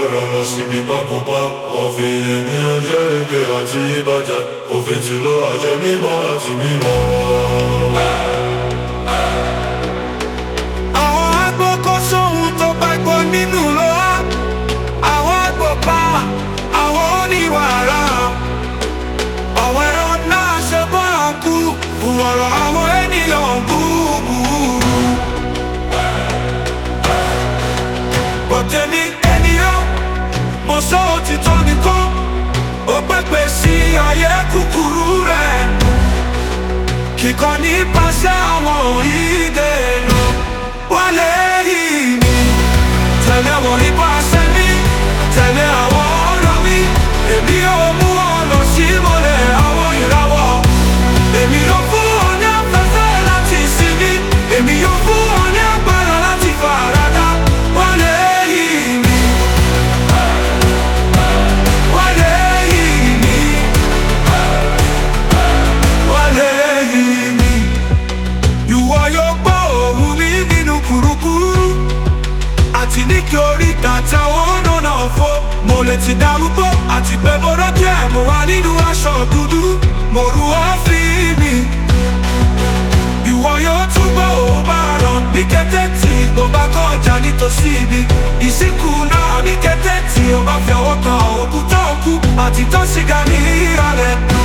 bırakmış gibi bakma O دنیای کپوره که کنی پس امایی nítorí tàtà wọn nọ̀nà ọ̀fọ̀ mo lè ti darúgbó àti pé mo rọ́jẹ́ mo wà nínú aṣọ dúdú mo ru ọ́fì mi ìwọ yóò túbọ̀ ò bá ràn ní kété tí mo bá kọjá nítòsí mi ìsìnkú náà ní kété tí o bá fi ọwọ́ kan òkúta òkú àti tó ṣìgá ní ìrọ̀lẹ́.